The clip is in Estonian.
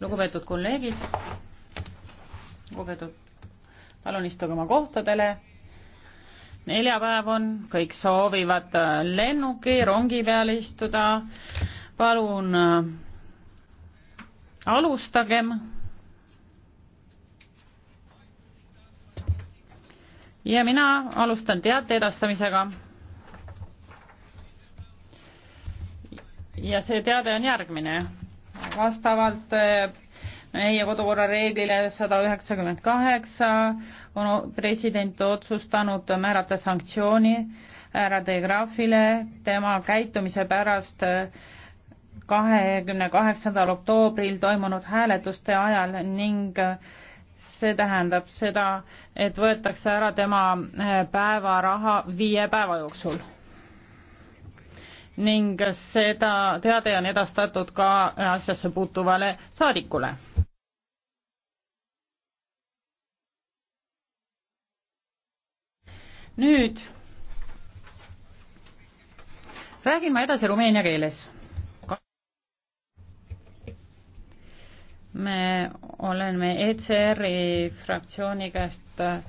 lugupeetud kolleegid, lugupeetud, palun istuge oma kohtadele. neljapäev on, kõik soovivad lennuki, rongi peale istuda. palun äh, alustagem. ja mina alustan teate edastamisega ja see teade on järgmine. vastavalt eh, meie kodukorra reeglile sada üheksakümmend kaheksa on president otsustanud määrata sanktsiooni härra De Graafile tema käitumise pärast eh, kahekümne kaheksandal oktoobril toimunud hääletuste ajal ning eh, see tähendab seda, et võetakse ära tema päevaraha viie päeva jooksul ning seda teade on edastatud ka asjasse puutuvale saadikule. nüüd räägin ma edasi rumeenia keeles. me oleme ECR-i fraktsiooni käest